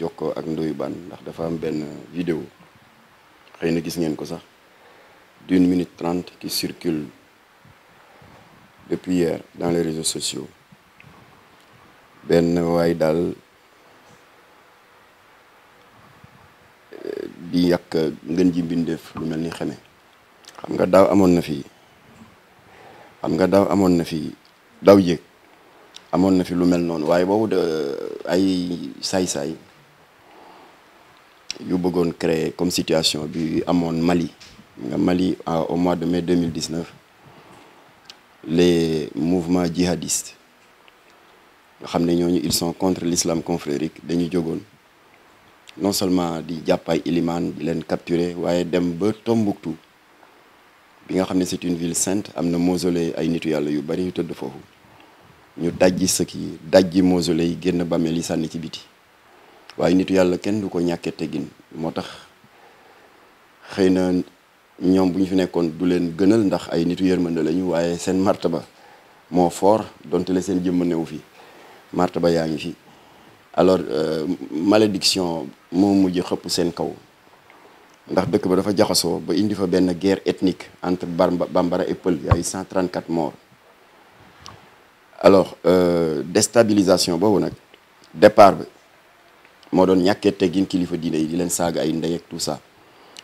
jokkoo ak Ndoye ndax dafa am benn vidéo xëy na gis ngeen ko sax d'une minute trente qui circule depuis hier dans les réseaux sociaux benn waay daal euh, di yàq ngën ji mbindeef lu mel ni xeme xam nga daaw amoon na fi xam nga daaw amoon na fi daaw jéeg amoon na fi lu mel noonu waaye boobu de ay saay-saay yu bëggoon créer comme situation bi amoon Mali nga Mali au mois de mai 2019 les mouvements djihadistes nga xam ne ñooñu ils son contre l'islam confrérique dañu jogoon non seulement di jàpp ay ilimaan di leen capturer waaye dem ba Tombouctou bi nga xam ne c'est une ville sainte am na mausolée ay nitu yàlla yu bari yu tëdd foofu ñu dajj sëkk yi dajji mausolée yi génn bàmmeel yi sànni ci biti waaye nitu yàlla kenn du ko ñàkkee teggin moo tax xëy na ñoom bu ñu fi nekkoon du leen gënal ndax ay nitu yërmande lañu waaye seen ba moo foor donte le seen jëmm newu fi ba yaa ngi fi alors euh, malédiction moo mujj xëpp seen kaw ndax dëkk ba dafa jaxasoo ba indi fa benn guerre ethnique entre bambara et pël yaay 134 morts alors euh, destabilisation boobu nag départ bi moo doon ñàkkee teggin kilifa diine yi di leen saaga ay ndey ak tout ça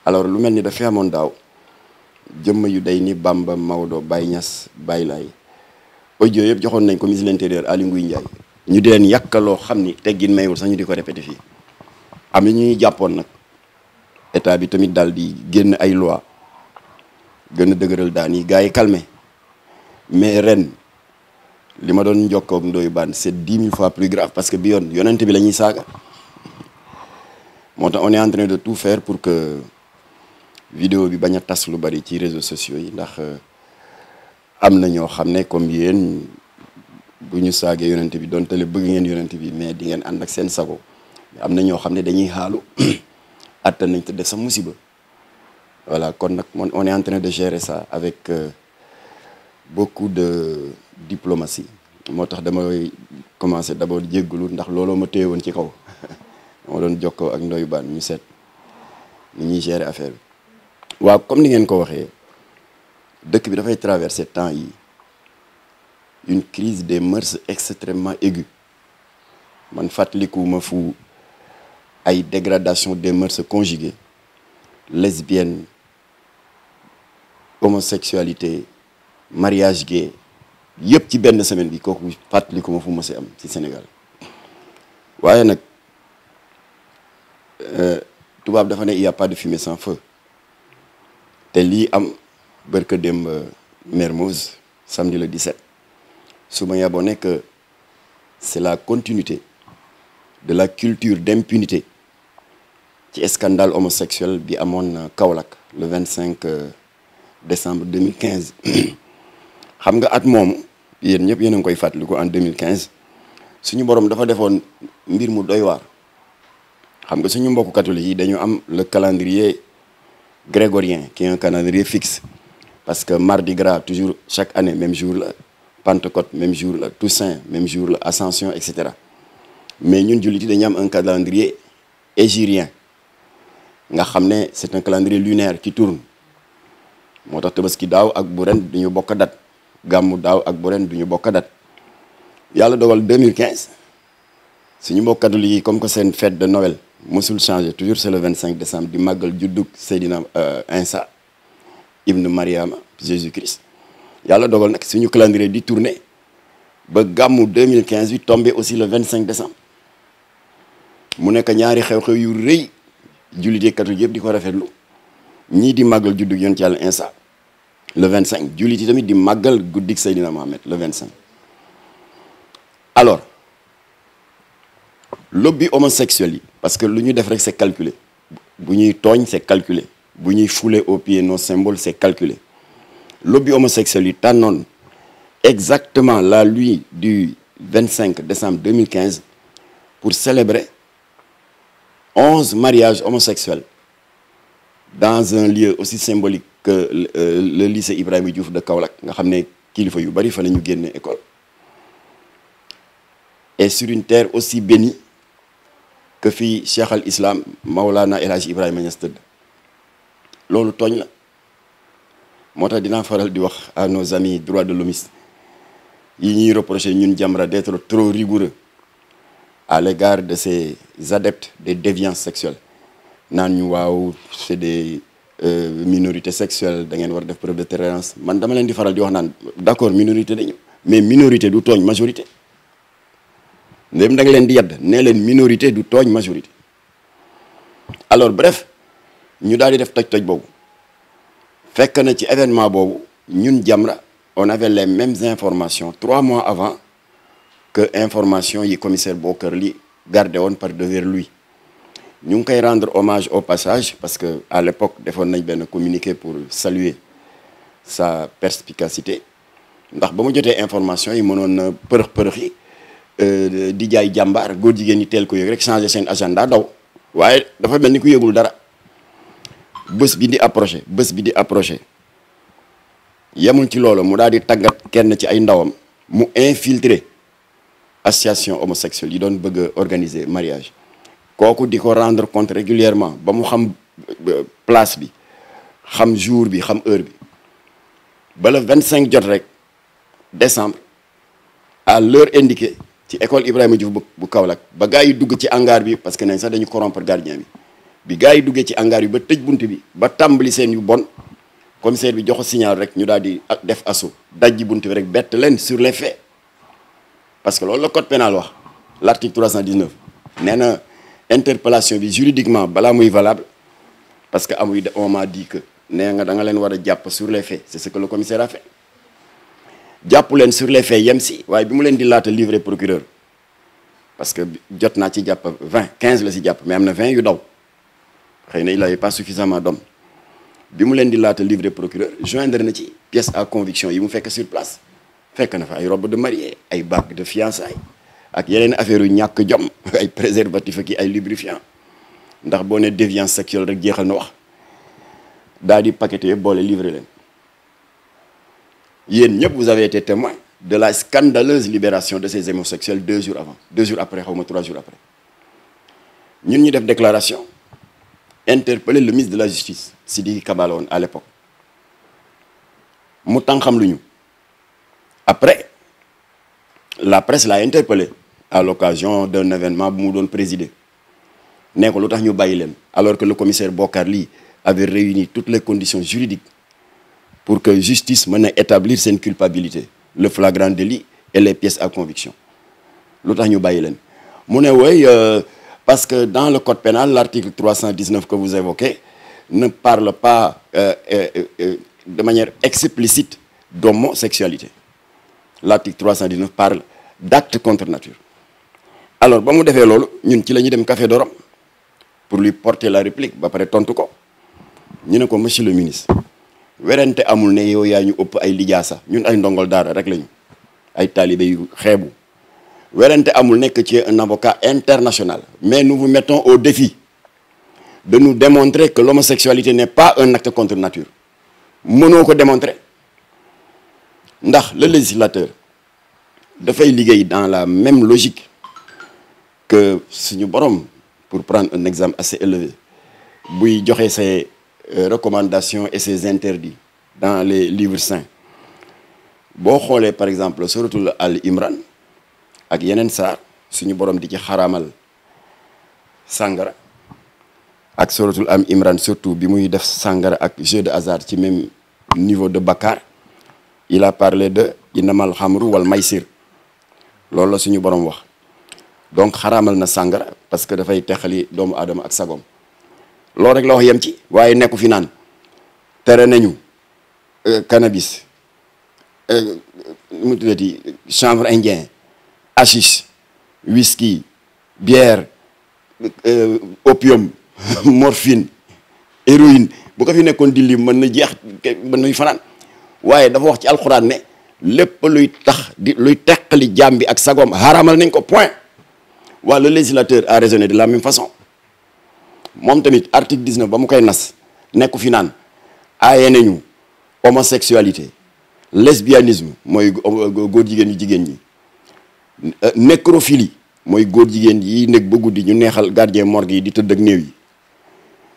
alors lu mel ni dafay amoon daaw jëmm yu day ni Bamba bàyyi ñas Niass Baye Laye audio yëpp joxoon nañ ko ministre de l'intérieur Aly Ngouille Ndiaye ñu di leen yàkkaloo xam ni teggin mayul sax ñu di ko répété fii am na ñuy jàppoon nag état bi tamit daal di génn ay loi gën a dëgëral daan yi gars yi calmé mais ren li ma doon njokkoog ndoyu baan c'est dix mille fois plus grave parce que bi la ñuy saaga moo tax on est de tout fair pour que vidéo bi bañ a tas lu bari ci réseaux sociaux yi ndax euh, am na ñoo xam ne comme yéen bu ñu saagee yonent bi doon tele bëgg ngeen yonent bi mais di ngeen ànd ak seen sago am na ñoo xam ne dañuy xaalu attan nañ te def sa musiba voilà kon nag man on est de gérer ça avec euh, beaucoup de diplomatie moo tax damay commencer d'abord jéggalu ndax looloo ma téye woon ci kaw dama doon jokkoo ak ndoyu baan ñu seet ni ñuy gere affaire bi waaw comme ni ngeen ko waxee dëkk bi dafay traverse temps yi une crise des mœurs extrêmement aiguë man fàttalikuwuma fu ay dégradation des mœurs conjuguées lesbienne homosexualité mariage gay yëpp ci benn semaine bi kooku fàttalikuma fu ma si am ci Sénégal waaye nag Euh, tubaab dafa ne il y a pas de fumée sans feu te lii am barke dem euh, Mermoz samedi le 17 su ma yaboo nekk c'est la continuité de la culture d'impunité ci scandale homosexuel bi amoon Kaolack le vingt 25 euh, décembre 2015 xam nga at moomu yen ñëpp yéen a ngi koy fàttaliku en 2015 suñu borom dafa defoon mbir mu doy waar. xam nga suñu mbokku catholique yi dañu am le calendrier grégorien qui est un calendrier fixe parce que mardi gras toujours chaque année même jour la Pentecôte même jour la Toussaint même jour la Ascension et cetera mais ñun jullit yi dañu am un calendrier hégirien nga xam ne c'est un calendrier lunaire qui tourne moo tax tabaski daaw ak bu ren duñu bokk dat gàmmu daaw ak bu ren duñu bokk dat yàlla dogal 2015 suñu mbokk catholique yi comme que seen fête de Noël mësul changé toujours c'est le cinq décembre di màggal juddug Seydina euh, Insa ibnu Mariama Jésus Christ yàlla dogal nag suñu calendrier di tourné ba gàmmu 2015 bi tombé aussi le vingt cinq décembre mu nekk ñaari xew-xew yu rëy jullite catholique yëpp di ko rafetlu ñii di màggal juddug yonent yàlla instant le 25 jullit yi tamit di màggal guddik Seydina Mohamed le vingt cinq alors. lobby homosexuel yi parce que lu ñu def rek c'est calculé bu ñuy tooñ c'est calculé bu ñuy fule au pied nos symboles c'est calculé lobby homosexuel yi tànnoon exactement la lui du 25 décembre 2015 pour célébrer onze mariages homosexuels dans un lieu aussi symbolique que euh, le lycée Ibrahima Diouf de Kaolack nga xam ne kilifa yu bari fa la ñu génne école et sur une terre aussi bénie que fii cheikh al islam Maulana El Hadj Ibrahima Niass loolu tooñ la moo tax dinaa faral di wax a nos amis droits de l'hommiste yi ñuy reprocher ñun Jamra d'être trop rigoureux à l'égard de ces adeptes des déviances sexuelles naan ñu waaw c'est des euh, minorités sexuelles da ngeen war def preuve de tolérance man dama leen di faral di wax naan d'accord minorité dañu mais minorité du tooñ majorité ndéem da nga leen di yedd nee leen minorité du tooñ majorité alors bref ñu daal di def toj-toj boobu fekk na ci événement boobu ñun Jamra on avait les mêmes informations trois mois avant que information yi commissaire Bokar li gardé woon par derrière lui ñu ngi koy rendre hommage au passage parce que à l'époque defoon nañ benn communiqué pour saluer sa perspicacité ndax ba mu jotee information yi mënoon na përëx përëx Euh, di jaay jàmbaar góor jigéen ñi teel ko yooyu rek changé seen agenda daw waaye dafa mel ni ku yëgul dara bës bi di approché bés bi di approché yemul ci loolu mu daal di tàggat kenn ci ay ndawam mu infiltré association homosexuelle yi doon bëgg organiser mariage kooku di ko rendre compte régulièrement ba mu xam place bi xam jour bi xam heure bi ba vingt cinq jot rek décembre à l'heure indiquée ci école Ibrahima Diouf bu Kaolack ba gars yi dugg ci hangar bi parce que nañ sax dañu corrompre gardien bi bi gars yi duggee ci hangar bi ba tëj bunt bi ba tàmbali seen yu bon commissaire bi joxo signal rek ñu daal di def assaut dajj bunt bi rek bett leen sur les faits parce que loolu la code pénal wax l' article 319 nee na interpellation bi juridiquement balaa muy valable parce que amuy on m'a dit que nee nga da leen war a jàpp sur les faits c' est ce que le commissaire jàpp leen sur les faits yem si waaye bi mu leen di laata livrer procureur parce que jot naa ci jàpp vingt quinze la si jàpp mais am na vingt yu daw xëy na il avait pas suffisamment d'hommes bi mu leen di laata livrer procureur joindre na ci pièce à conviction yi mu fekk sur place fekk na fa ay robe de mariée ay bague de fiançailles ak yeneen affaire yu ñàkk jom ay préservatif ak ay lubrifiant ndax boo ne déviance sexuelle rek jeexal na wax daa di paqueté boole livrer leen yéen ñëpp vous avez été témoin de la scandaleuse libération de ces homosexuels deux jours avant deux jours après xaw ma trois jours après ñun ñu def déclaration interpeller le ministre de la justice Sidiki Kaba la woon à l'époque mu tànqam lu ñu après la presse l'a interpellé à l'occasion d'un événement bu mu doon présider ne ko lu tax ñu bàyyi leen alors que le commissaire Bokar Ly avait réuni toutes les conditions juridiques pour que justice mën a établir seen culpabilité le flagrant délit et les pièces à conviction lu tax ñu bàyyi leen mu ne wooy euh, parce que dans le code pénal l'article 319 que vous évoquez ne parle pas euh, euh, euh, euh de manière explicite d'homosexualité l'article 319 parle d'acte contre nature alors ba mu defee loolu ñun ci la ñuy dem café de pour lui porter la réplique ba pare tontu ko ñu ne ko monsieur le ministre werante amul ne yow yaa ñu ëpp ay sax ñun ay ndongol daara rek lañu ay taalibe yu xeebu werante amul nekk ci un avocat international mais nous vous mettons au défi de nous démontrer que l'homosexualité n'est pas un acte contre nature mënoo ko démontrer ndax le législateur dafay liggéey dans la même logique que suñu borom pour prendre un exemple assez élevé buy joxe say Euh, recommandation et ses interdits dans les livres saints boo xoolee par exemple suratul àll imran ak yeneen saar suñu borom di ci xaramal sàngara ak suratul am imran surtout bi muy def sàngara ak jeu de hasard ci même niveau de bakkaar il a parlé de innamal xamru wal maysir loolu la suñu borom wax donc xaramal na sàngara parce que dafay texali doomu aadama ak sagom loolu rek la wax yem ci waaye nekku fi naan tere nañu euh, cannabis euh, mu tuddati chanvre indien hashish whisky bière euh, opium morphine héroïne bu ko fi nekkoon di lim mën na jeex mën nañu fanaan waaye dafa wax ci alxuraan ne lépp luy tax di luy teqali jaam bi ak sagoom xaraamal nañ ko point waa le législateur a raisonné de la même façon moom tamit article 19 ba mu koy nas nekku fi naan aaye nañu homosexualité lesbianisme mooy góor jigéen yu jigéen ñi euh, nécrophilie mooy góor jigéen yi nekk ba guddi ñu neexal gardien morgue yi di tëdd ak néew yi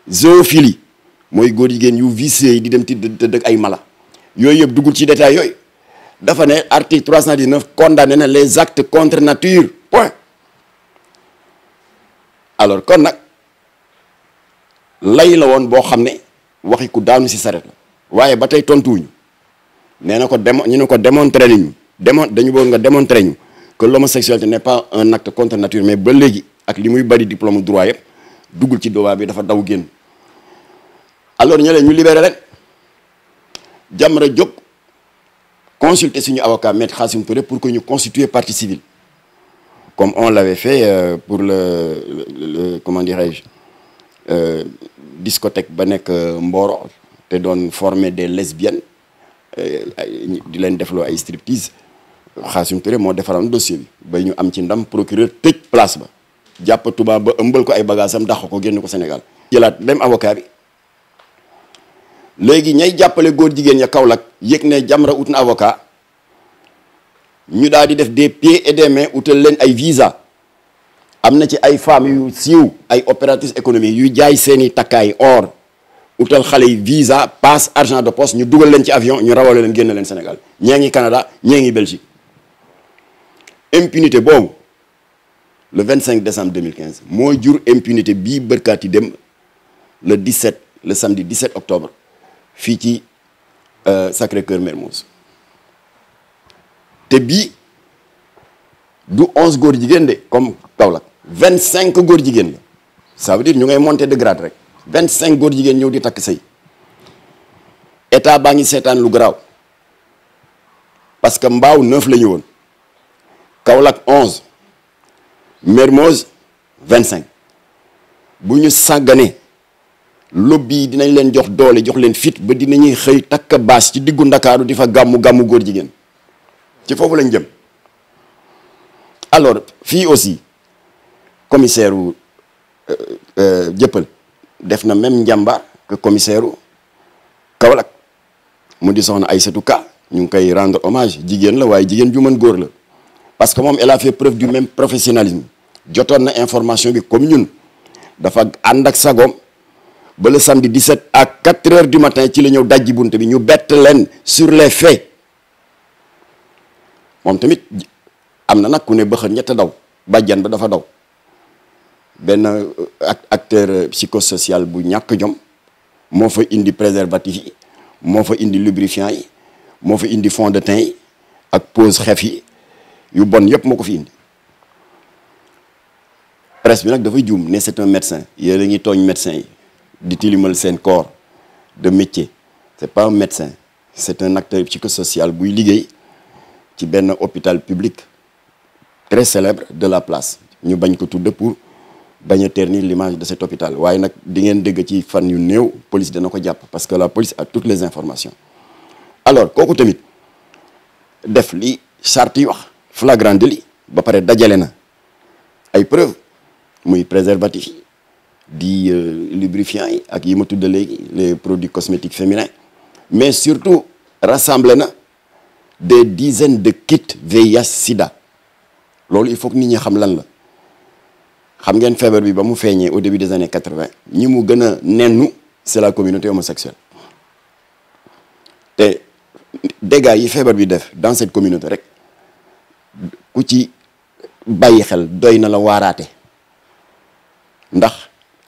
zoophilie mooy góor jigéen yu vicieux yi di dem tëdd tëdd ak ay mala yooyu yëpp duggul ci détail yooyu dafa ne article 319 condamné na les actes contre nature point alors kon nag lay la woon boo xam ne waxi ku daanu si saret la waaye ba tey tontuwuñu nee na ko démo ñu ne ko démontrer ñu dañu bëgg nga démontrer ñu que l'homosexualité n'est pas un acte contre nature mais ba léegi ak li muy bari diplôme droit yëpp duggul ci doobaa bi dafa daw génn alors ñu leen ñu libéré rek Jamra consulter suñu avocat maître Khassim Touré pour que ñu constituer partie civile comme on l'avait fait euh, pour le, le, comment dirais euh, discothèque ba nekk euh, Mboro te doon former des lesbiennes euh, di leen defloo ay striptease Xaasim Touré moo defaroon dossier ba ñu am ci ndam procureur tëj place ba jàpp tubaab ba ëmbal ko ay bagages am dàq ko génn ko senegal jëlaat même avocat bi léegi ñay jàppale góor jigéen ya Kaolack yëg ne Jamra ut na avocat ñu daal di def des pieds et des mains utal leen ay visa am na ci ay femmes yu siiw ay opératrices économiques yu jaay seeni takkaay or utal xale yi visa passe argent de poste ñu dugal leen ci avion ñu rawale leen génn leen Sénégal ñee ngi Canada ñee ngi Belgique impunité boobu le 25 décembre 2015 mooy jur impunité bii bërkaat yi dem le 17 le samedi 17 octobre fii ci euh, Sacré-Cœur Mermoz te bii du 11 góor jigéen de comme Kaolack vingt cinq góor jigéen la ça veut ñu ngay monter de grade rek vingt cinq góor jigéen ñëw di takk sëy état baa ngi seetaan lu garaaw parce que mbaaw neuf la ñu woon Kaolack onze Mermoz vingt cinq bu ñu sàgganee lobby yi dinañ leen jox doole jox leen fit ba dinañuy xëy takk baas ci diggu ndakaaru di fa gàmmu gàmmu góor jigéen ci foofu lañ jëm alors fii aussi commissaire wu jëppal euh, euh, def na même njàmbaar que commissaire wu Kaolack mu di soxna Aïssatou Ka ñu ngi koy rendre hommage jigéen la waaye jigéen ju mën góor la parce que moom elle a fait preuve du même professionnalisme jotoon na information bi comme ñun dafa ànd ak sagoom ba le samedi 17 à 4 heures du matin ci la ñëw dajji bunt bi ñu bett leen sur les faits moom tamit am na nag ku ne bëxën ñett daw bàjjan ba dafa daw benn euh, acteur euh, psychosocial bu ñàkk jom moo fa indi préservatif yi moo fa indi lubrifiant yi moo fa indi fond de teint yi ak pose xef yi yu bon yëpp moo ko fi indi presse bi nag dafay juum ne c'est un médecin yéen la ñuy tooñ médecin yi di tilimal seen corps de métier c'est pas un médecin c'est un acteur psychosocial buy liggéey ci benn hôpital public très célèbre de la place ñu bañ ko tudd pour bañ a ternir l'image de cet hôpital waaye nag di ngeen dégg ci fan yu néew police dana ko jàpp parce que la police a toutes les informations alors kooku tamit def li charte yi wax flagrant délit ba pare dajale na ay preuves muy préservatif yi di euh, lubrifiant yi ak yi ma tudda léegi les produits cosmétiques féminins mais surtout rassemble na des dizaines de kits VIH sida loolu il faut que nit ñi xam lan la xam ngeen feebar bi ba mu feeñee au début des années quatre-vingt ñi mu gën a nennu c'est la communauté homosexuelle te dégâts yi feebar bi def dans cette communauté rek ku ci bàyyi xel doy na la waaraate ndax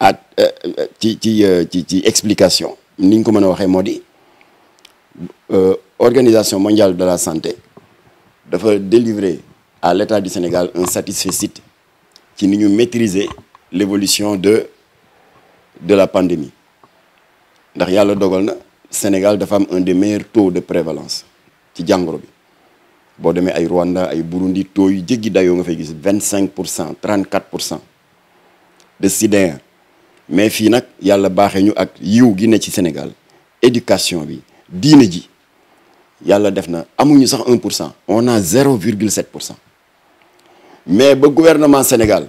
at euh, ci ci euh, ci ci explication niñ ñu ko mën a waxee moo di euh, organisation mondiale de la santé dafa délivrer à l'État du Sénégal un satisfecit ci ni ñu maîtriser l'évolution de de la pandémie ndax yàlla dogal na Sénégal dafa am un de meilleurs taux de prévalence ci jàngoro bi boo demee ay Rwanda ay Burundi taux yu jéggi dayoo nga fay gis vingt cinq pour cent trente quatre pour cent de sidéen mais fii nag yàlla baaxee ñu ak yiw gi ne ci Sénégal éducation bi diine ji yàlla def na amuñu sax un pour cent on a zéro virgule sept pour cent mais ba gouvernement Sénégal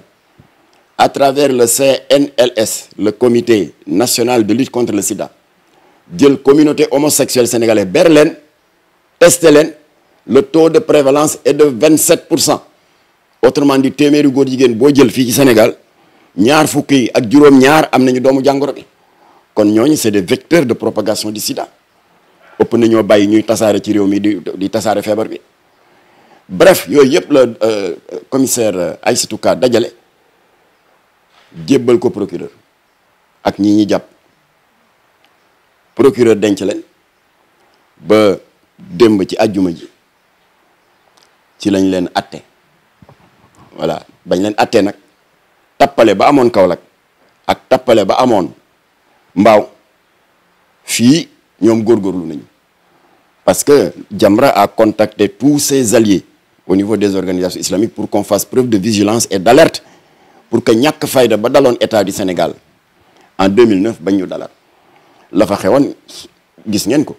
à travers le CNLS le comité national de lutte contre sida jël communauté homosexuelle sénégalaise ber leen testé leen le taux de prévalence et de 27 pour cent autrement dit téeméeri góor jigéen boo jël fii ci Sénégal ñaar fukki ak juróom-ñaar am nañu doomu jàngoro bi kon ñooñu c'est des vecteurs de propagation di sida ëpp nañoo bàyyi ñuy tasaare ci réew mi di di tasaare feebar bi. bref yooyu yëpp la euh, commissaire euh, Aïssatou Ka dajale jébbal ko procureur ak ñi ñi jàpp procureur denc leen ba démb ci àjjuma ji ci lañ leen atte voilà bañ leen atte nag tappale ba amoon Kaolack ak tappale ba amoon mbaaw fii ñoom góorgóorlu nañu parce que Jamra a contacté tous ses alliés au niveau des organisations islamiques pour qu'on fasse preuve de vigilance et pour que ñàkk fayda ba daloon état du Sénégal en 2009 bañ ñu dalaat la fa xewoon gis ngeen ko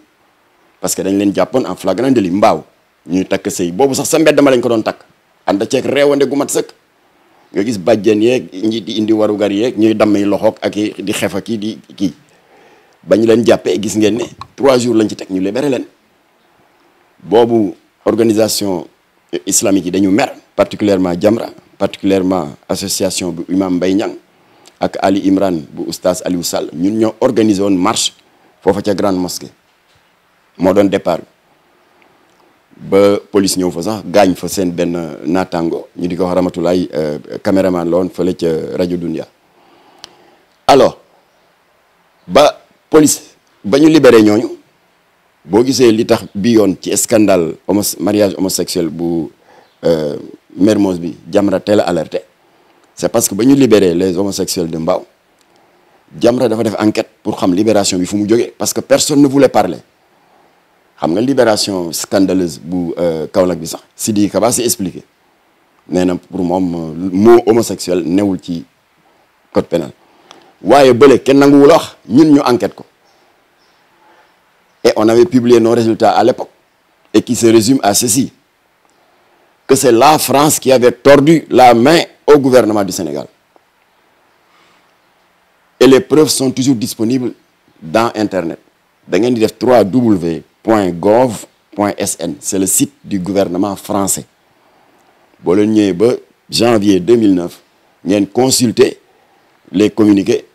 parce que dañ leen jàppoon en flagrant délit mbaaw ñuy takk sëy boobu sax sa mbedd ma lañ ko doon takk ànd ceeg réewande gu mat sëkk nga gis bàjjeen yeeg ñi di indi warugar yeeg ñuy dammay loxoog ak di xefa kii di kii bañ ñu leen jàppee gis ngeen ne trois jours lañ ci teg ñu libéré leen boobu organisation islamique yi dañu mer particulièrement Jamra particulièrement association bu imam Mbaye Niang ak Ali Imran bu oustaz Aliou Sall ñun ñoo organisé woon marche foofa ca grande mosquée moo doon départ ba police ñëw fa sax gaañ fa seen benn naataango ñu di ko wax Ramatulaay euh, caméraman la woon fële ca rajo Dunia alors ba police ba ñu libéré ñooñu boo gisee li tax bi yoon ci scandale homo mariage homosexuel bu euh, Mermoz bi Jamra teel a alerté c'est parce que ba ñu libéré les homosexuels de Mbao Jamra dafa def enquête pour xam libération bi fu mu jógee parce que personne ne voulait parler xam nga libération scandaleuse bu euh, Kaolack bi sax Sidi Kaba s'est expliqué nee na pour moom euh, mot homosexuel newul ci code pénal waaye bële kenn nanguwul wax ñun ñu enquête ko Et on avait publié nos résultats à l'époque, et qui se résume à ceci, que c'est la France qui avait tordu la main au gouvernement du Sénégal. Et les preuves sont toujours disponibles dans Internet. da ngeen di def 3w point gov point sn c'est le site du gouvernement français boo leen ñëwee ba janvier 2009 ngeen consulter les communiqués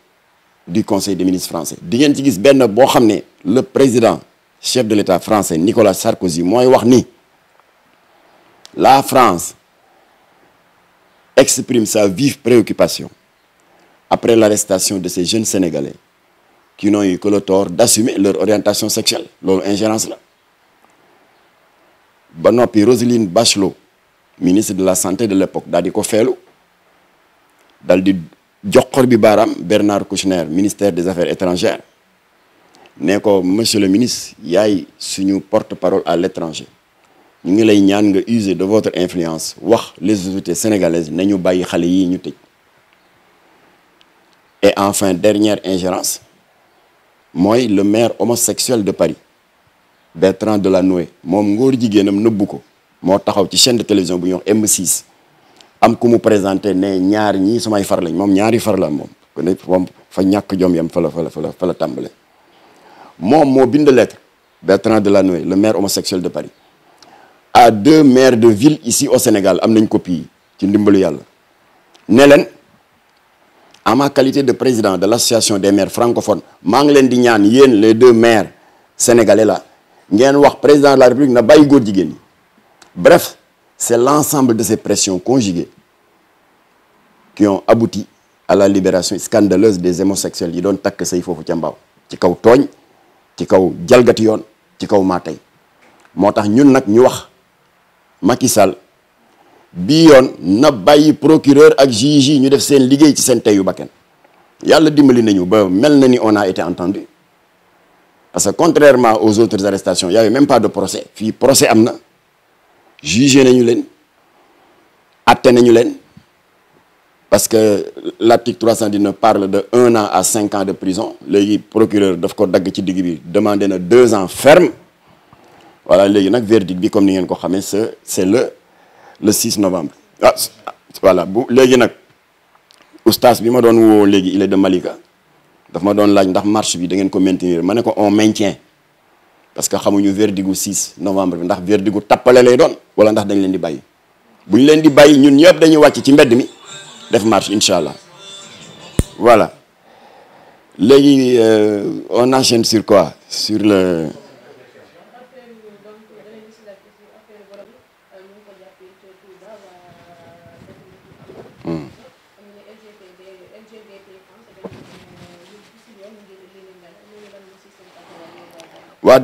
du conseil des ministres français di ngeen ci gis benn boo xam ne le président chef de l'état français Nicolas Sarkozy mooy wax ni la France exprime sa vive préoccupation après l'arrestation de ces jeunes sénégalais qui n'ont eu que le tort d'assumer leur orientation sexuelle loolu ingérence la ba noppi Roselyne Bachelot ministre de la santé de l'époque daal di ko feelu dal di joxor bi baaraam Bernard Kouchner ministère des affaires étrangères ne ko monsieur le ministre yaay suñu porte-parole à l'étranger ñu ngi lay ñaan nga user de votre influence wax les autorités sénégalaises nañu bàyyi xale yi ñu tëj et enfin dernière ingérence mooy le maire homosexuel de Paris Bertrand noue moom ngóor jigéenam nëbbu ko moo taxaw ci chaine de télévision bu ñuy wax m am ku mu présenté ne ñaar ñii samay far lañ moom ñaari far la moom ku ne moom fa ñàkk jom yam fa la fa la fa la fa la tàmbale moom moo bind lettre Bertrand Delanoë le maire homosexuel de Paris à deux maire de ville ici au Sénégal am nañ copie yi ci ndimbalu yàlla ne leen en ma qualité de président de l'association des maires francophones maa ngi leen di ñaan yéen le deux maires sénégalais la ngeen wax président de la république na bàyyi góor jigéen ñi C'est l'ensemble de ces pressions conjuguées qui ont abouti à la libération scandaleuse des homosexuels yi doon takk say foofu ca mbaaw ci kaw tooñ ci kaw jalgati yoon ci kaw maa tey moo tax ñun nag ñu wax Macky Sall bi yoon na bàyyi procureur ak juge yi ñu def seen liggéey ci seen teyu bakken yàlla dimbali nañu ba mel na ni on a été entendu parce que contrairement aux autres arrestations y avait même pas de procès fii procès am na jugé nañu leen atte nañu leen parce que l'article 319 parle de un an à cinq ans de prison léegi procureur daf ko dagg ci diggu bi demande na deux ans ferme voilà léegi nag verdict bi comme ni ngeen ko xamee c'est le le 6 novembre ah voilà bu léegi nag oustaz bi ma doon woo léegi il est de Malika daf ma doon laaj ndax marche bi da ngeen ko maintenir ma ne ko on maintient parce que xamuñu verdict gu 6 novembre bi ndax verdict gu tappale lay doon wala ndax dañ leen di bàyyi bu ñu leen di bàyyi ñun ñëpp dañuy wàcc ci mbedd mi def marche incha allah voilà léegi euh, on enchaîne sur quoi hmm.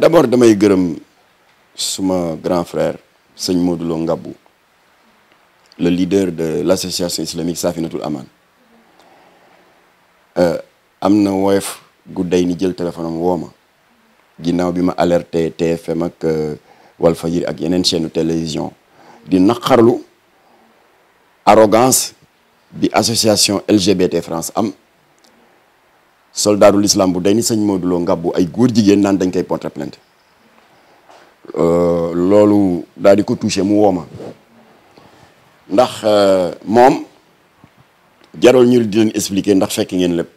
damay gërëm suma grand frère sëñ Modou Lo Ngabou le leader de l'association islamique Safinatul Aman euh, am na woyof gudday ni jël téléphone am woo ma ginnaaw bi ma alerté TFM ak euh, Walfadjri ak yeneen seenu télévision di naqarlu arrogance bi association LGBT France am soldaaru l'islam bu day ni sëñ Modou Lo ay góor jigéen naan dañ koy porter Euh, loolu daal di ko touché mu woo ma ndax euh, moom jarol ñu di leen expliquer ndax fekk ngeen lépp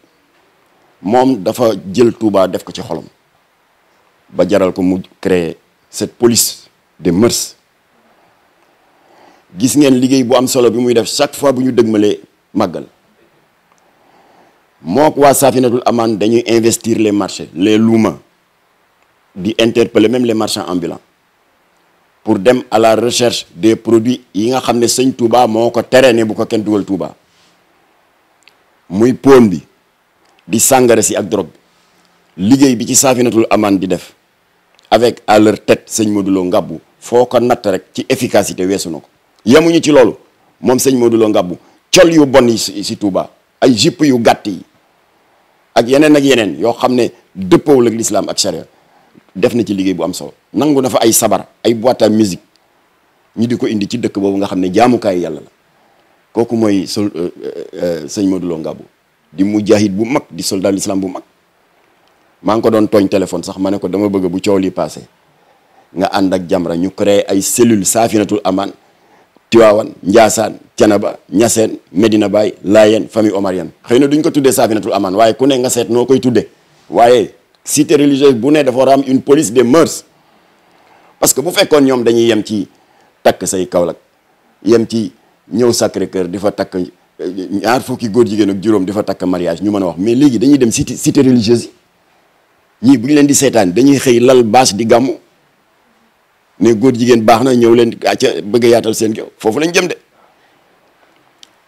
moom dafa jël Touba def ko ci xolom ba jaral ko mu créer cette police des mœurs gis ngeen liggéey bu am solo bi muy def chaque fois bu ñu dëgmalee màggal moo ko waa Safinatul Aman dañuy investir les marché les luuma di interpeller même les marchands ambulants pour dem à la recherche des produits yi nga xam ne sëñ Touba moo ko tere ne bu ko kenn dugal Touba muy poone bi di sàngara si ak drogue bi liggéey bi ci saafinatul amaan di def avec à leur tête sëñ Modou Lo Ngabbu foo ko natt rek ci efficacité weesu na ko yemuñu ci loolu moom sëñ Modou Lo Ngabbu col yu bon si Touba ay jupe yu gàtt yi ak yeneen ak yeneen yoo xam ne dëppawul ak l'islam ak charia def na ci liggéey bu am solo nangu na fa ay sabar ay boîte à musique ñu di ko indi ci dëkk boobu nga xam ne jaamukaay yàlla la kooku mooy sol euh, euh, euh, sëñ Modou Lo Ngabou di mujahid bu mag di soldat l'islam bu mag maa ngi ko doon tooñ téléphone sax ma ne ko dama bëgg bu coow lii passé nga ànd ak Jamra ñu créé ay cellule saafinatul aman Tiwaawan Njaasaan Canaba Ñaseen Medina Baay Laayeen famille Omarienne xëy na duñ ko tuddee saafinatul amaan waaye ku ne nga seet noo koy tuddee cité religieuse bu ne dafa war am une police des mœurs parce que bu fekkoon ñoom dañuy yem ci takk say Kaolack yem ci ñëw Sacré-Cœur di fa takk eh, ñaar fukki góor jigéen ak juróom di fa takk mariage ñu mën a wax mais léegi dañuy dem cité cité religieuse yi ñii bu ñu leen di seetaan dañuy xëy lal bâche di gàmmu ne góor jigéen baax na ñëw leen ah, ca bëgg yaatal seen kaw foofu lañ jëm de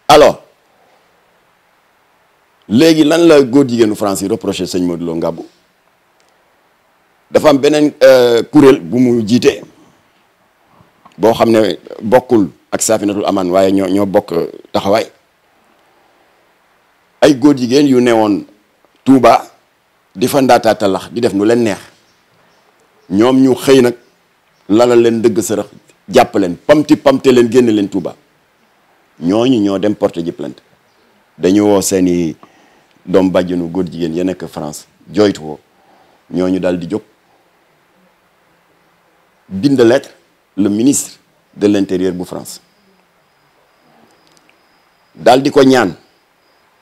alors léegi lan la góor jigéenu France yi reproché sëñ Modou Lo Ngabou dafa am beneen euh, kuréel bu mu jiite boo xam ne bokkul ak saafinatul amaan waaye ñoo ñoo bokk taxawaay ay góor jigéen yu newoon Touba di fa ndaataata lax di def nu leen neex ñoom ñu xëy nag lala leen dëgg sërëx jàpp leen pamti pamte leen génne leen Touba ñooñu ñoo dem porter ji plainte dañu woo seeni doom bàjjenu góor jigéen ya nekk France jooytu ko ñooñu daal di jóg bind lettre le ministre de l'intérieur bu France daal di ko ñaan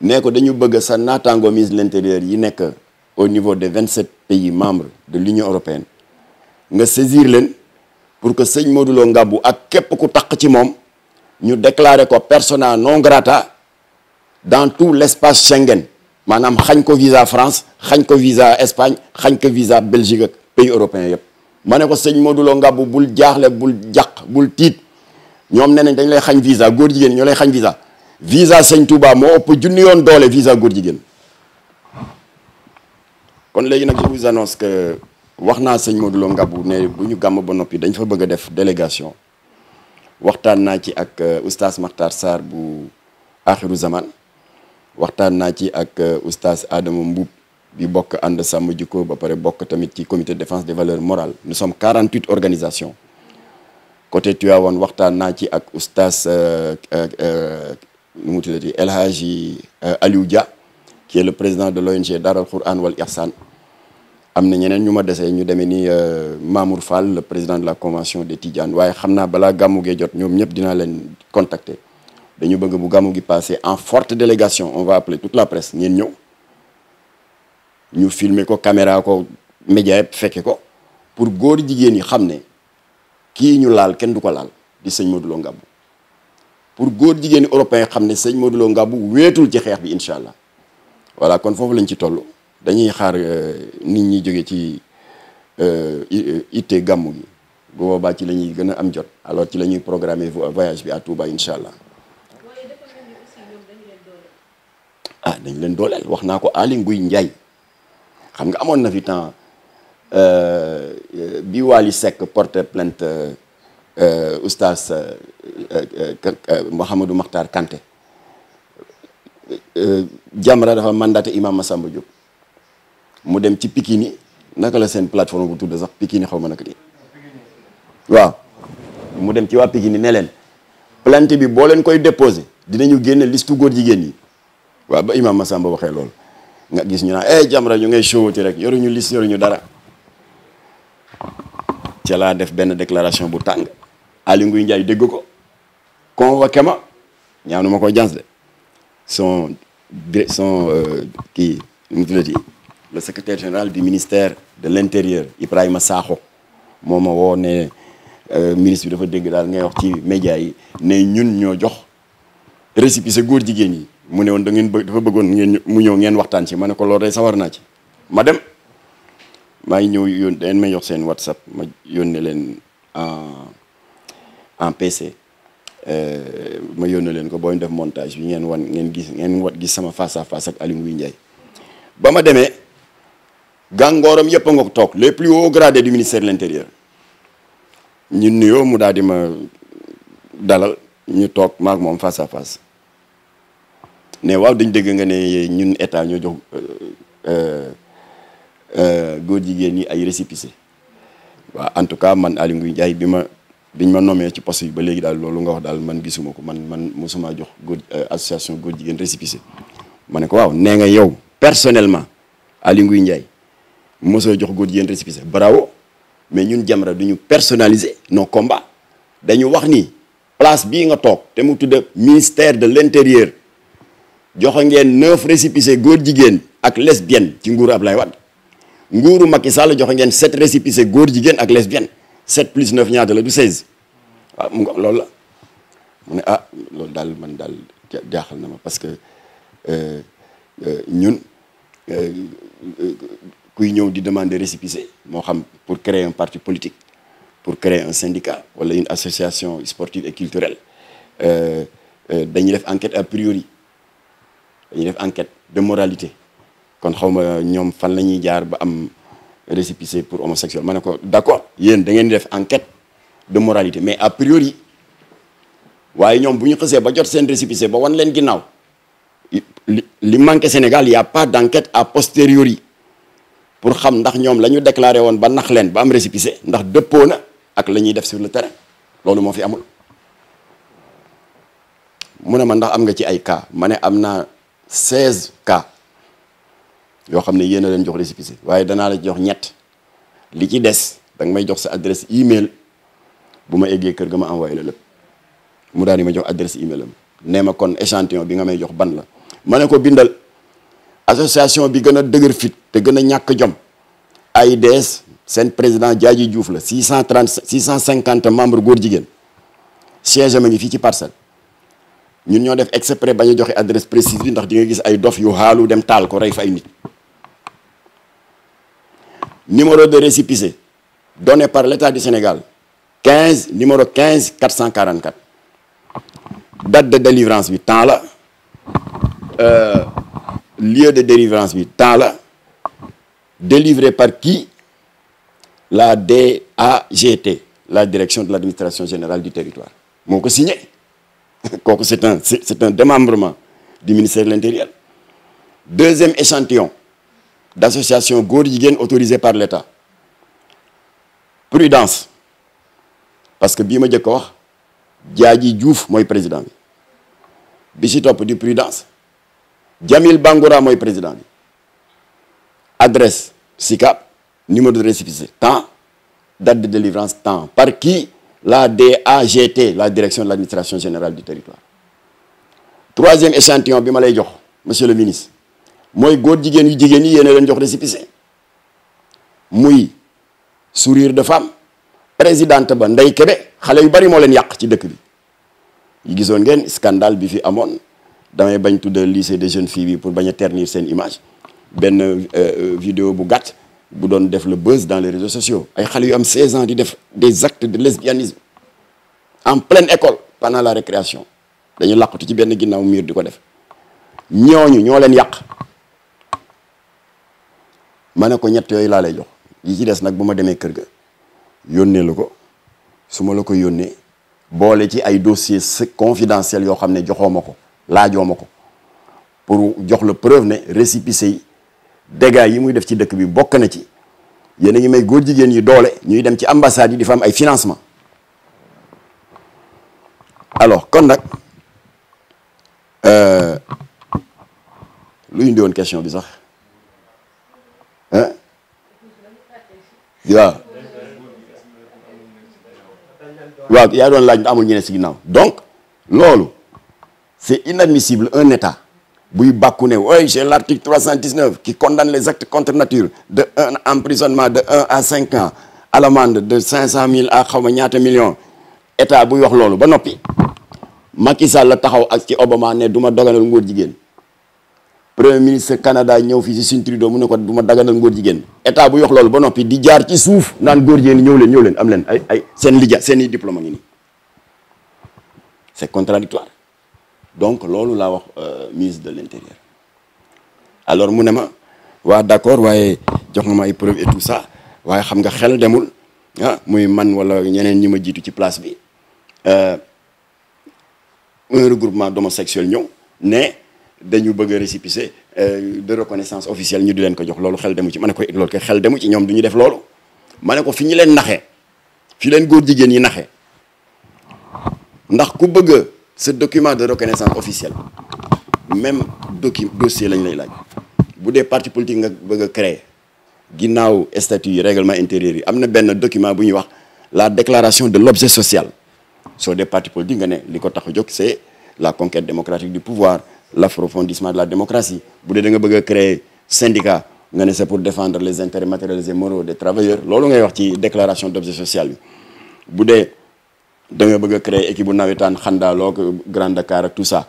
ne ko dañu bëgg sa naataango ministre de l'intérieur yi nekk au niveau des vingt-sept pays membres de l'Union européenne nga saisir leen pour que sëñ Modou Lo Ngabou ak képp ku taq ci moom ñu déclarer ko persona non grata dans tout l'espace Schengen maanaam xañ ko visa France xañ ko visa Espagne xañ ko visa Belgique ak pays européens yëpp ma ne ko sëñ Modou Lo bul jaaxle bul jàq bul tiit ñoom nee nañ dañ lay xañ visa góor jigéen ñoo lay xañ visa visa sëñ Touba moo ëpp junni yoon doole visa góor jigéen kon léegi nag je vous annonce que wax naa sëñ Modou Lo Ngabou ne bu ñu gàmm ba noppi dañ fa bëgg def délégation waxtaan naa ci ak euh, oustaz Makhtar Sarr bu Axiru Zaman waxtaan naa ci ak euh, oustaz Adama mbub bi bokk ànd sàmm jikko ba pare bokk tamit ci comité de défense des valeurs morales nous sommes 48 organisations côté Tivaouane waxtaan naa ci ak oustaz euh, euh, euh, nu mu tuddati El Hadji Aliou Dia qui est le président de l'ONG Daaral Quran wal Ihsan am na ñeneen ñu ma desee ñu demee ni Mamour Fall le président de la convention des Tidjanes waaye xam naa balaa gàmmu gee jot ñoom ñëpp dina leen contacter dañu bëgg bu gàmmu gi passé en forte délégation on va appeler toute la presse ngeen ñëw ñu filmer ko caméra ko média fekke ko pour góor jigéen yi xam ne kii ñu laal kenn du ko laal di sëñ Modou Lo Ngabou pour góor jigéen européen xam ne sëñ Modou Lo Ngabou weetul ci xeex bi incha allah voilà kon foofu lañ ci toll dañuy xaar euh, nit ñi jóge ci euh, euh, itte gàmmu gi bu boobaa ci la ñuy gën a am jot alors ci la ñuy programmer voyage bi à Touba incha allah ah dañ leen dooleel wax naa ko Aly Ngouille Ndiaye xam nga amoon na fi temps euh, bi Wally Seck porté plainte euh, oustaz euh, Mouhamadou Makhtar Kanté Jamra dafa mandaté imam Massamba Diop mu dem ci Pikini naka la seen plateforme bu tudd sax Pikini xaw ma naka di waaw mu dem ci waa Pikini ne leen plainte bi boo leen koy déposé dinañu génne liste góor jigéen yi waaw ba imam Massamba waxee loolu nga gis ñu naan eh Jamra ñu ngay showati rek yoruñu liste yoruñu dara ca laa def benn déclaration bu tàng Aly Ngouille Ndiaye dégg ko convoqué ma ñaanu ma ko jans de son son euh, kii nu mu tuddati le secrétaire général du ministère de l'intérieur Ibrahima Sakho moo ma woo ne euh, ministre bi dafa dégg daal ngay wax ci média yi ne ñun ñoo jox récépissé góor jigéen yi mu ne woon da ngeen bëgg dafa bëggoon ngeen mu ñëw ngeen waxtaan ci ma ne ko loolu day sawar naa ci ma dem maa ngi ñëw yoon dañ may yox seen whatsapp ma yónnee leen en en PC euh, ma yónnee leen ko boo def montage bi ngeen wan ngeen gis ngeen wat gis sama face à face ak Aly Ngouille Ndiaye ba ma demee gàngooram yëpp a nga ko toog les plus hauts gradés du ministère de l'intérieur ñu nuyoo mu daal di ma dalal ñu toog maak moom fassa à ne waaw dañ dégg nga ne ñun état ñoo jox euh, euh, euh, góor jigéen ñi ay récépissé waaw en tout cas man Aly Ngouille Ndiaye bi ma biñ ma nommé ci poste yi ba léegi daal loolu nga wax daal man gisuma ko man man mosuma jox góor association góor jigéen récépissé ma ne ko waaw nee nga yow personnellement Aly Ngouille Ndiaye mosoo jox góor jigéen récépissé bravo mais ñun Jamra duñu personnaliser nos combats dañu wax ni place bii nga toog te mu tudde ministère de l'intérieur joxe ngeen neuf récépissé góor jigéen ak lesbienne ci nguuru Ablaye Wade nguuru Macky Sall joxe ngeen sept récépissé góor jigéen ak lesbienne sept plus neuf ñaata la du seize waaw mu nga loolu la mu ne ah loolu daal man daal jaaxal na ma parce que euh, euh, ñun euh, kuy ñëw di demander récépissé moo xam pour créer un parti politique pour créer un syndicat wala une association sportive et culturelle dañuy def enquête a priori dañuy def enquête de moralité kon xaw ma ñoom fan la ñuy jaar ba am récépissé pour homosexuel ma ne ko d'accord yéen da ngeen di def enquête de moralité mais a priori waaye ñoom bu ñu xësee ba jot seen récépissé ba wan leen ginnaaw li li manqué Sénégal y a pas d'enquête a posteriori pour xam ndax ñoom la ñu déclaré woon ba nax leen ba am récépissé ndax dëppoo na ak la ñuy def sur le terrain loolu moo fi amul mu ne ma ndax am nga ci ay cas ma ne am naa seize cas yoo xam ne yéen a leen jox récépissé waaye danaa la jox ñett li ci des da nga may jox sa adresse email bu ma eggee kër ga ma envoyé la lépp mu daal di ma jox adresse email am nee ma kon échantillon bi nga may jox ban la ma ne ko bindal association bi gën a dëgër fit te gën a ñàkk jom des seen président Diadji Diouf la six cent trente six cent cinquante membre góor jigéen siège ma ngi fii ci parcelle ñun ñoo def exprès bañ a joxe adresse précise bi ndax di nga gis ay dof yu xaalu dem taal ko rey fay ay nit numéro de récépissé donné par l'État du Sénégal 15 numéro 15 444 date de délivrance bi temps la euh, lieu de délivrance bi temps la délivré par qui la DAGT la direction de l'administration générale du territoire moo ko signé kooku c'est un c'est un démembrement du ministère l'intérieur deuxième échantillon d'association góor jigéen autorisée par l'État prudence parce que bii ma jëkk ko wax Diadji Diouf mooy président bi si ci topp di prudence Jamil Bangoura mooy président bi adresse SICAP numéro de récépissé temps date de délivrance temps par qui la DAGT la direction de l'administration générale du territoire troisième échantillon bi ma lay jox monsieur le ministre mooy góor jigéen yu jigéen yi yéena leen jox récépissé muy sourire de femme présidente ba ndey Kébé xale yu bari moo leen yàq ci dëkk bi yi gisoon ngeen scandale bi fi amoon damay bañ tudd lycée des jeunes fii bi pour bañ a ternir seen image benn euh, euh, vidéo bu gàtt bu doon def le buzz dans les réseaux sociaux ay xale yu am 16 ans di def des actes de lesbianisme en pleine école pana la récréation dañu làqatu ci benn ginnaaw mur di ko def ñooñu ñoo leen yàq ma ne ko ñett yooyu laa jox yi ci des nag bu ma demee kër ga yónnee la ko su ma la ko yónnee boole ci ay dossiers confidentiels yoo xam ne joxoo ma ko laajoo ma ko pour jox la preuve ne récépissé yi dégâts yi muy def ci dëkk bi bokk na ci yéen a may góor jigéen yi doole ñuy dem ci ambassades yi di fa am ay financement alors kon nag euh, lu indi woon question bi sax ah waaw waaw doon laaj amul ñeneen si ginnaaw donc loolu c'est inadmissible un état buy bàkku ne oui j'ai l'article 319 qui condamne les actes contre nature de un emprisonnement de un à cinq ans amende de cinq cent mille à xaw ma ñaata million état bu yox loolu ba noppi Macky Sall la taxaw ak ci Obama ne du ma daganal ngóor jigéen premier ministre Canada ñëw fii Justin Trudeau mu ne ko du ma daganal ngóor jigéen état buy wax loolu ba noppi di jaar ci suuf naan góor jigéen ñëw leen ñëw leen am leen ay ay seen lija seeni i diplôme nii c'est donc loolu laa wax euh, mise de l'intérieur alors mu ne ma waa d'accord waaye jox nga ma ay preuve et tout ça waaye xam nga xel demul ah muy man wala ñeneen ñi ma jiitu ci place bi euh, un regroupement d'homosexuels ñëw ne dañu bëgg a récépissé euh, de reconnaissance officielle ñu di leen ko jox loolu xel demu ci ma ne ko eh, loolu kay xel demu ci ñoom du ñu def loolu ma ne ko fi ñu leen naxee fi leen góor jigéen yi naxee ndax ku bëgg ce document de reconnaissance officielle même docu dossier lañ lay laaj bu dee parti politique nga bëgg a créer ginnaaw statut yi règlement intérieur yi am na benn document bu ñuy wax la déclaration de l'objet social soo dee parti politique nga ne li ko tax a jóg c'est la conquête démocratique du pouvoir l'approfondissement de la démocratie bu dee da nga bëgg a créer syndicat nga ne sa pour défendre les intérêts matériels et moraux des travailleurs loolu ngay wax ci déclaration d'objet social bi da nga bëgg a créer équipe bu nawetaan xandaaloo Grand Dakar ak tout ça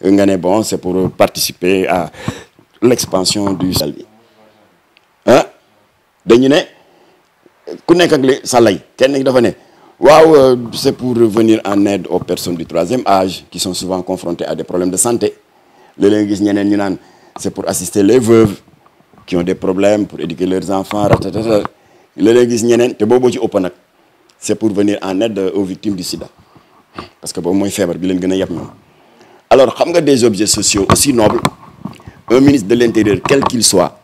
nga ne bon c'est pour participer à l'expansion du sal bi ah dañu ne ku nekk ak li salay kenn ki dafa ne waaw euh, c'est pour venir en aide aux personnes du troisième âge qui sont souvent confrontées à des problèmes de santé léeg-léeg ñeneen ñu naan c'est pour assister les veuves qui ont des problèmes pour éduquer leurs enfants ratatata gis ñeneen booboo ci ëpp nag c'est pour venir en aide aux victimes du sida parce que boobu mooy feebar bi leen gën a yeb ñoom alors xam nga des objets sociaux aussi nobles un ministre de l'intérieur quel qu'il soit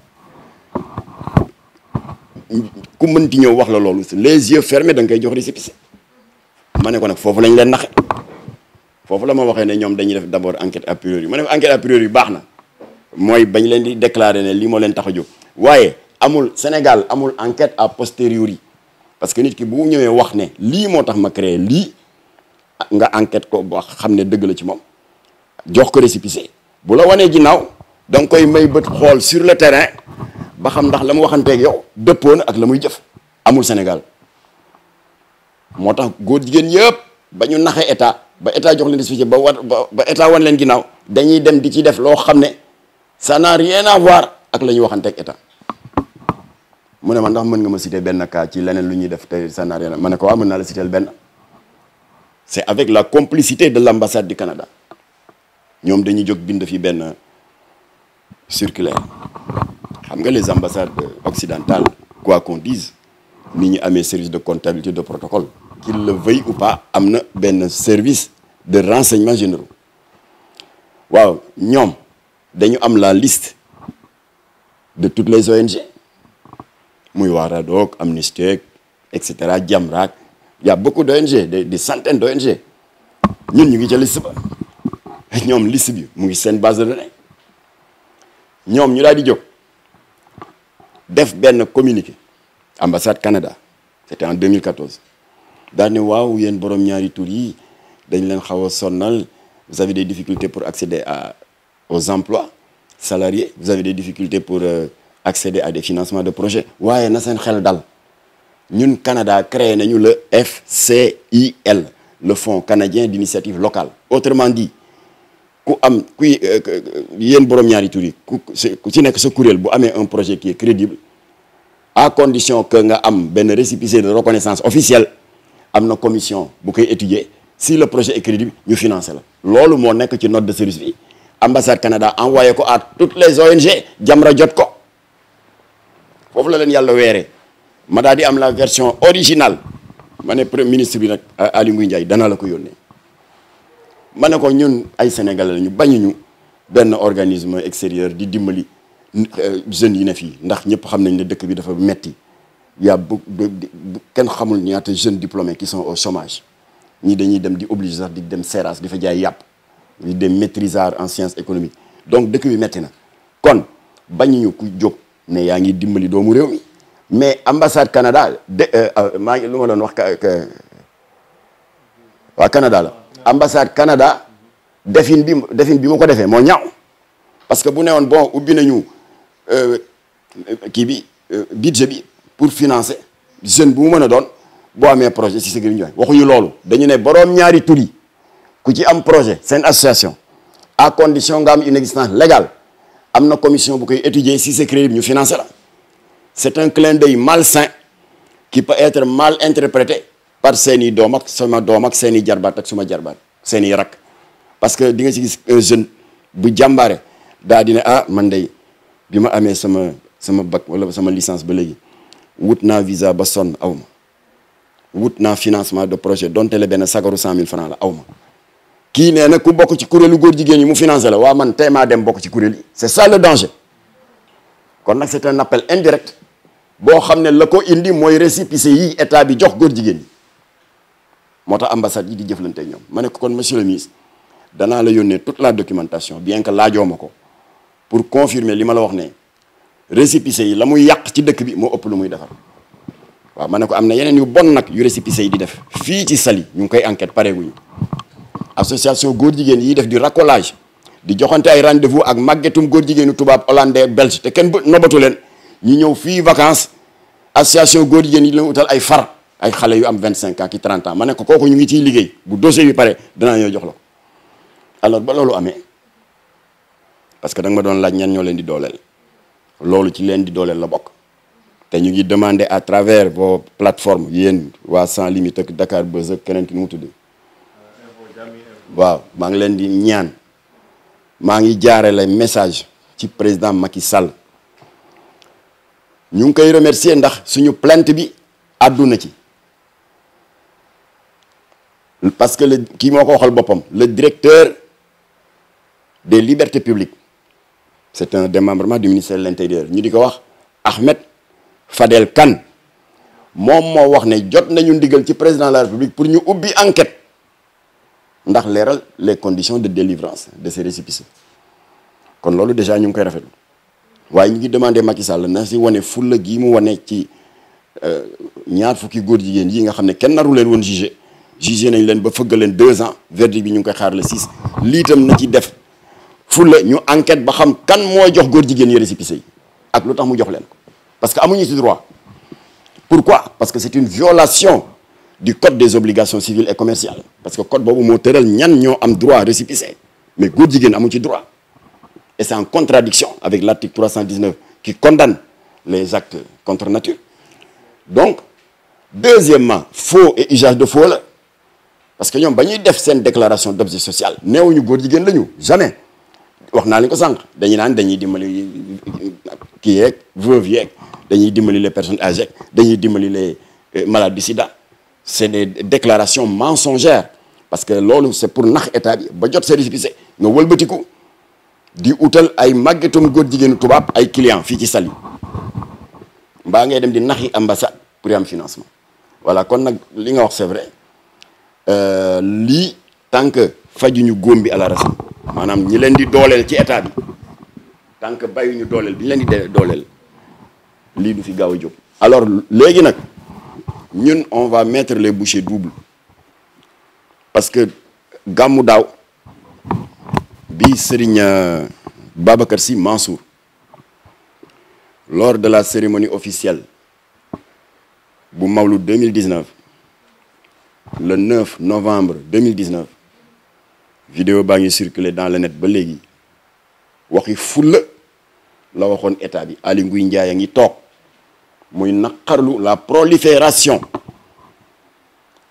ku mën ci ñëw wax la loolu les yeux fermés da koy jox récépissé ma ne ko nag foofu lañ leen naxe foofu la ma waxee ne ñoom dañuy def d'abord enquête a priori ma ne enquête a priori baax na mooy bañ leen di déclarer ne lii moo leen tax a jóg waaye amul Sénégal amul enquête a posteriori parce que nit ki bu ñëwee wax ne lii moo tax ma créé lii nga enquête ko ba xam ne dëgg la ci moom jox ko récépissé bu la wanee ginnaaw da nga koy may bët xool sur le terrain ba xam ndax la mu waxanteeg yow dëppoo na ak la muy jëf amul Sénégal moo tax góor jigéen yëpp ba ñu naxee état ba état jox leen récépissé ba war ba état wan leen ginnaaw dañuy dem di ci def loo xam ne ça n'a rien ak la ñuy waxanteeg état. mu ne ma ndax mën nga ma citer benn ka ci leneen lu ñuy def te ça n'a rien ma ne ko waaw mën naa la citer benn c'est avec la complicité de l'ambassade du Canada ñoom dañuy jóg bind fi benn circulaire xam nga les ambassades occidentales quoi qu'on dise ni ñu amee service de comptabilité de protocole qu'il le veuille ou pas am na benn service de renseignements généraux waaw ñoom dañu am la liste de toutes les ONG muy waar Waradoog Amnesty et cetera Jamra y' a beaucoup d' ONG des des centaines d' ONG ñun ñu ngi ca liste ba ñoom liste bi mu ngi seen base de ñoom ñu daal di jóg def benn communiqué ambassade Canada c' était en 2014 daal ne waaw yéen borom ñaari tur yi dañ leen xaw a sonnal vous avez des difficultés pour accéder à aux emplois salariés vous avez des difficultés pour. Euh, accéder a des financements de projets waaye na seen xel dal ñun Canada créé nañu le FCIL le Fonds canadien d'initiative locale autrement di ku am kuy euh, yéen borom ñaari tur yi ku ci nekk sa kuréel bu amee un projet ki est crédible à condition que nga am benn récépissé de reconnaissance officielle am na commission bu koy étudier si le projet est crédible ñu financé la loolu moo nekk ci note de service bi ambassade Canada envoyé ko à toutes les ONG Jamra jot ko foofu la leen yàlla weere ma daal am la version originale ma ne premier ministre bi nag Aly Ngouille Ndiaye danaa la ko yónnee ma ne ko ñun ay sénégalais lañu bañuñu benn organisme extérieur di dimbali euh, jeunes yi ne fii ndax ñëpp xam nañ ne dëkk bi dafa metti yaa bu kenn xamul ñaata jeunes diplômés qui sont au chômage ñii dañuy dem di obligé di dem seras di fa jaay yàpp di dem maîtrisard en sciences économiques donc dëkk bi metti na kon bañuñu ku jóg mais yaa ngi dimbali doomu réew mi mais ambassade Canada euh, euh, maa ngi lu ma doon wax waa Canada la ambassade Canada defin bi defin bi ma ko defee moo ñaaw parce que bu ne woon bon ubbi nañu euh, kii bi budget bi pour financer jeune bu mu mën a doon boo amee projet si Ségiri Ndiaye waxuñu loolu dañu ne boroom ñaari tur ku ci am projet seen association a condition nga am une existence légale am na commission bu koy étudier si c'est crédible ñu financer la c'est un clin d'œil malsain qui peut être mal interprété par seeni doom ak sama doom ak seeni jarbaat ak suma jarbaat seeni rak parce que di nga ci gis jeune bu jàmbaare daa dina ah man day bi ma amee sama sama bac wala sama licence ba léegi wut naa visa ba sonn aw ma wut naa financement de projet donte le benn sagaru cent mille francs la aw ma kii nee na ku bokk ci kuréelu góor jigéen ñi mu financé la waa man tey maa dem bokk ci kuréel yi c'est ça le danger kon nag c'est un appel indirect boo xam ne la ko indi mooy récépissé yi état bi jox góor jigéen ñi moo tax ambassade yi di jëflante ñoom ma ne ko kon monsieur danaa la yónnee toute la documentation bien que laajoo ma ko pour confirmer li ma la wax ne récépissé yi la muy yàq ci dëkk bi moo ëpp lu muy defar waaw ma ne ko am na yeneen yu bon nag yu récépissé yi di def fii ci sali ñu ngi koy enquête pareeguñu association góor jigéen yi def di racolage di joxante ay rendez-vous ak màggetum góor jigéenu tubaab hollandais belge te kenn nobatu leen ñu ñëw fii vacances association góor jigéen yi la utal ay far ay xale yu am vingt cinq ans ki trente ans ma ne ko kooku ñu ngi ciy liggéey bu dossier bi pare danaa ñoo jox la ko alors ba loolu amee parce que da ma doon laaj ñan ñoo leen di dooleel loolu ci leen di dooleel la bokk te ñu ngi demander à travers vos plateformes yéen waa sans limite ak Dakar Buzz ak keneen ki nu mu tudd waaw maa ngi leen di ñaan maa ngi jaarale message ci président Macky Sall ñu ngi koy remercier ndax suñu plainte bi àdduna ci parce que le kii moo ko waxal boppam le directeur des libertés publiques c'est un démembrement du ministère de l'intérieur ñu di ko wax Ahmed Fadel Kane moom moo wax ne jot nañu ndigal ci président la république pour ñu ubbi enquête ndax leeral les condition de délivrance de ces récépissés kon loolu déjà ñu ngi koy rafetlu waaye ñu ngi demandé Macky Sall na si wane fulla gii mu wane ci euh, ñaar fukki góor jigéen yi nga xam ne kenn naru leen woon jugé jugé nañ leen ba fëgg leen deux ans verdict bi ñu ngi koy xaar le six lii tam na ci def fulla ñu enquête ba xam kan moo jox góor jigéen yi récépissé yi ak lu tax mu jox leen ko parce que amuñu ci droit pourquoi parce que c'est une violation du code des obligations civiles et commerciales parce que code boobu moo tëral ñan ñoo am droit récépissé mais góor jigéen amu ci droit et c'est en contradiction avec l'article 319 qui condamne les actes contre nature donc deuxièmement faux et usage de faux la parce que ñoom ba ñuy def seen déclaration d'objet social neewuñu góor jigéen lañu jamais wax naa leen ko sànq dañuy naan dañuy dimbali kii yeeg veuve yeeg dañuy dimbali les personnes âgées dañuy dimbali les euh, malades c'est des déclarations mensongères parce que loolu c'est pour nax état bi ba jot sa récépissé nga wëlbatiku di utal ay màggetum góor jigéenu tubaab ay client fii ci Saly mbaa nga dem di naxi ambassade pour am financement voilà kon nag li nga wax c'est vrai euh, lii tant que fajuñu góom bi à maanaam ñi leen di dooleel ci état bi tant que bàyyiñu dooleel bi ñu leen di dooleel lii du fi gaaw a jóg alors léegi nag ñun on va mettre les bouchées doubles parce que gàmmu daaw bi sëriñ euh, Babacar Sy Mansour lors de la cérémonie officielle bu Mawlud 2019 le 9 novembre 2019 vidéo baa ngi circuler dans le net ba léegi waxi fulla la waxoon état bi Aly Ngouille Ndiaye a ngi toog muy naqarlu la prolifération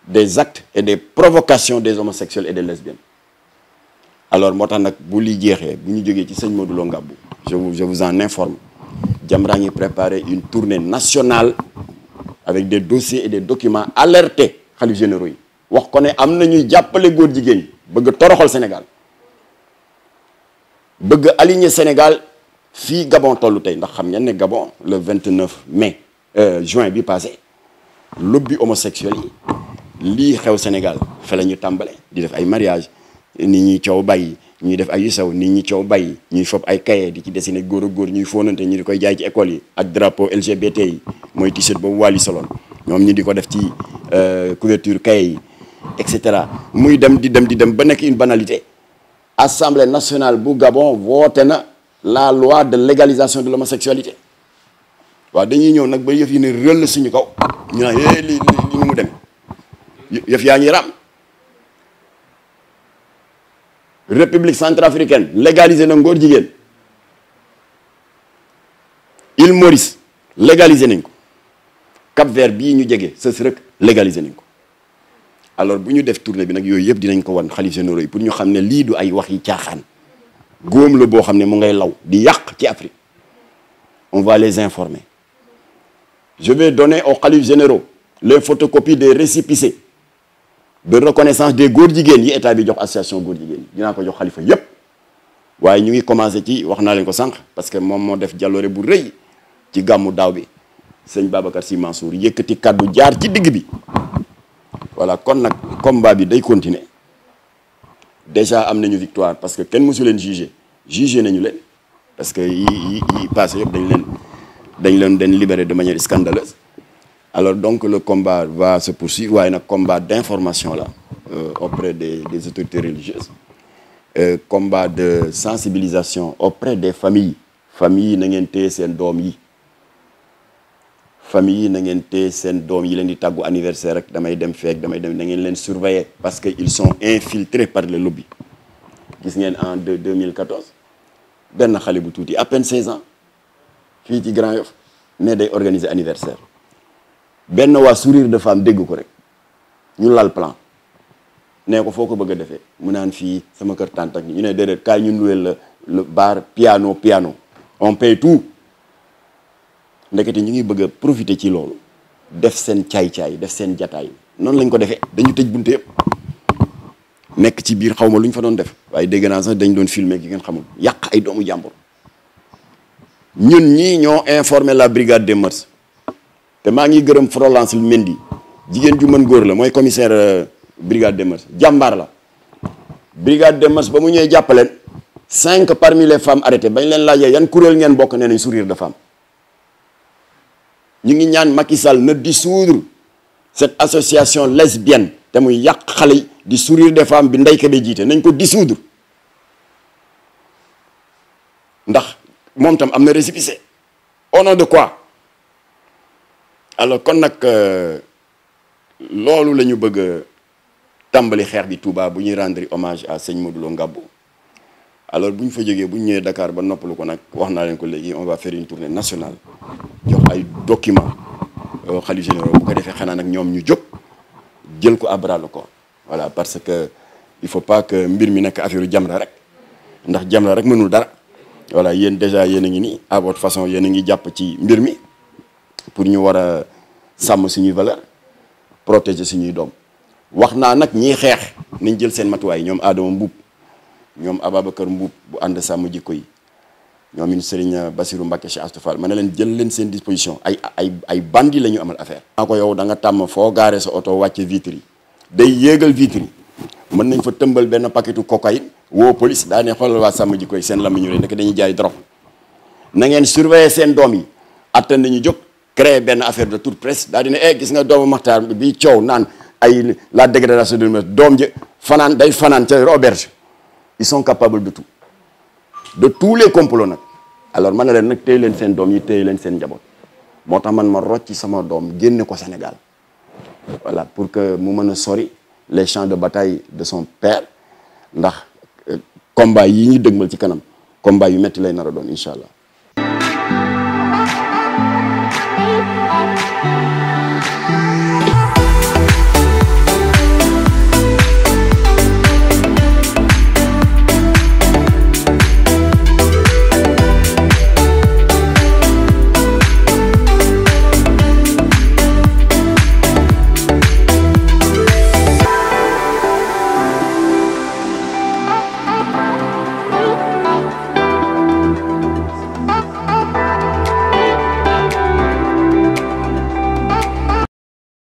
des actes et des provocations des homosexuels et des lesbiennes alors moo tax nag bu li jeexee bu ñu jógee ci sëñ Modou Lo Ngabou je vous je vous en informe Jamra ngi préparé une tournée nationale avec des dossiers et des documents alertés xalif généraux yi wax ko ne am na ñuy jàppale góor jigéen yi bëgg toroxal Sénégal bëgg aligner Sénégal fii Gabon tollu tey ndax xam ñan ne Gabon le 29 mai Euh, juin bi passé lobby homosexuel yi lii xew Sénégal fa la ñu tàmbale di def ay mariage nit ñuy coow bàyyi ñuy def ay yu sew nit ñi coow bàyyi ñuy fob ay kaye di ci dessiné góor ak góor ñuy fóonante ñu di koy jaay ci école yi ak drapeau LGBT yi mooy t boobu Wally soloon ñoom ñu di ko def ci euh, couverture kaye yi et cetera muy dem di dem di dem ba nekk une banalité Assemblée nationale bu Gabon woote na la loi de légalisation de l'homosexualité waaw dañuy ñëw nag ba yëf yi ne rëll suñu kaw ñu naan ñu eh, mu dem yëf yaa ngi raam république centrafricaine légalisé na ngóor jigéen île Maurice nañ ko Cap Vert bii ñu jege sës rek légalisé nañ ko alors bu ñu def tournée bi nag yooyu yëpp dinañ ko wan xalif généraux yi pour ñu xam ne lii du ay wax yi caaxaan góom la boo xam ne mu ngay law di yàq ci Afrique on va les informer je vais donner aux khalifes généraux les photocopies des récépissés de reconnaissance des góor jigéen yi état bi jox association góor jigéen yi ko jox xalifa yépp waaye ñu ngi commencé ci wax naa leen ko sànq parce que moom moo def jàlloore bu rëy ci gàmmu daaw bi sëñ Babacar Sy Mansour yëkkati kàddu jaar ci digg bi voilà kon nag combat bi day continuer déjà am nañu victoire parce que kenn mësu leen jugé jugé nañu leen parce que yi yi yi passé yëpp dañ leen dañ leen dañ libéré de manière scandaleuse alors donc le combat va se poursuivre waaye nag combat d'information la euh, auprès des des autorités religieuses euh, combat de sensibilisation auprès des familles familles yi na ngeen téye seen doom yi famille yi na ngeen seen doom yi leen di tàggu anniversaire rek damay dem feek damay dem na ngeen leen surveiller parce que ils sont infiltrés par les lobby gis ngeen en 2014 benn xale bu tuuti à peine 16 fii ci Grand Yoff ne day organiser anniversaire benn waa sourire de femme dégg ko rek ñu lal plan nee ko foo ko bëgg a defee mu naan fii sama kër tante ak ñu ne déedéet kaa ñu luweel la le bar piano piano on paye tout ndekete ñu ngi bëgg a profiter ci loolu def seen caay-caay def seen jataay noonu lañ ko defee dañu tëj bunte yëpp nekk ci biir xaw ma lu ñu fa doon def waaye dégg naa sax dañ doon filmer ki ngeen xamul yàq ay doomu jàmbur ñun ñii ñoo informé la brigade des mœurs te maa ngi gërëm Frolance Mendy jigéen ju mën góor la mooy commissaire euh, brigade des mœurs jàmbaar la brigade des mœurs ba mu ñëwee jàppaleen cinq parmi les femmes arrêtées bañ leen laajee yan kuréel ngeen bokk nee nañ sourire de femme ñu ngi ñaan Macky Sall na dissoudre cette association lesbienne te muy yàq xale di sourire des femmes bi ndeyka bi jiite nañ ko dissoudre ndax moom tam am na récépissé au de quoi alors kon nag euh, loolu lañu bëgg a tàmbali xeex bi Touba bu ñuy rendre hommage à sëñ Modou Lo alors bu ñu fa jógee bu ñu ñëwee Dakar ba noppalu ko nag wax naa leen ko léegi on va faire une tournée nationale jox ay documents xalifa généraux bu ko defee xanaa nag ñoom ñu jóg jël ko à ko le voilà parce que il faut pas que mbir mi nekk affaire Jamra rek ndax Jamra rek mënul dara. voilà yéen déjà yéen a ngi nii à votre façon yéen ngi jàpp ci mbir mi pour ñu war a sàmm suñuy valeur protéger suñuy doom wax naa nag ñiy xeex nañ jël seen matuwaay ñoom Adama Mbuub ñoom kër Mbuub bu ànd sàmm jikko yi ñoom min Serigne Bassirou Mbacke Cheikh Astou Fall ma ne leen jël leen seen disposition ay ay ay bandi la ñu amal affaire. naa ko yow da nga tàmm foo gaaree sa oto wàcce vitre day yéegal vitre mën nañ fa tëmbal benn paquetu cocaïne woo police daa ne xoolal waa sàmm ji koy seen la mu ñu nekk jaay drogue na ngeen surveiller seen doom yi attan nañu jóg créer benn affaire de toute presse daa dina eh gis nga doomu Maxtaar bi coow naan ay la dégradation de doom ja fanaan day fanaan ca auberge ils sont capables de tout de tous les complots nag alors man na leen nag téye leen seen doom yi téye leen seen njaboot moo tax man ma rocci sama doom génne ko Sénégal voilà pour que mu mën a sori les champs de bataille de son père ndax euh, combat yi ñu dëgmal ci kanam combat yu metti lay nar a incha allah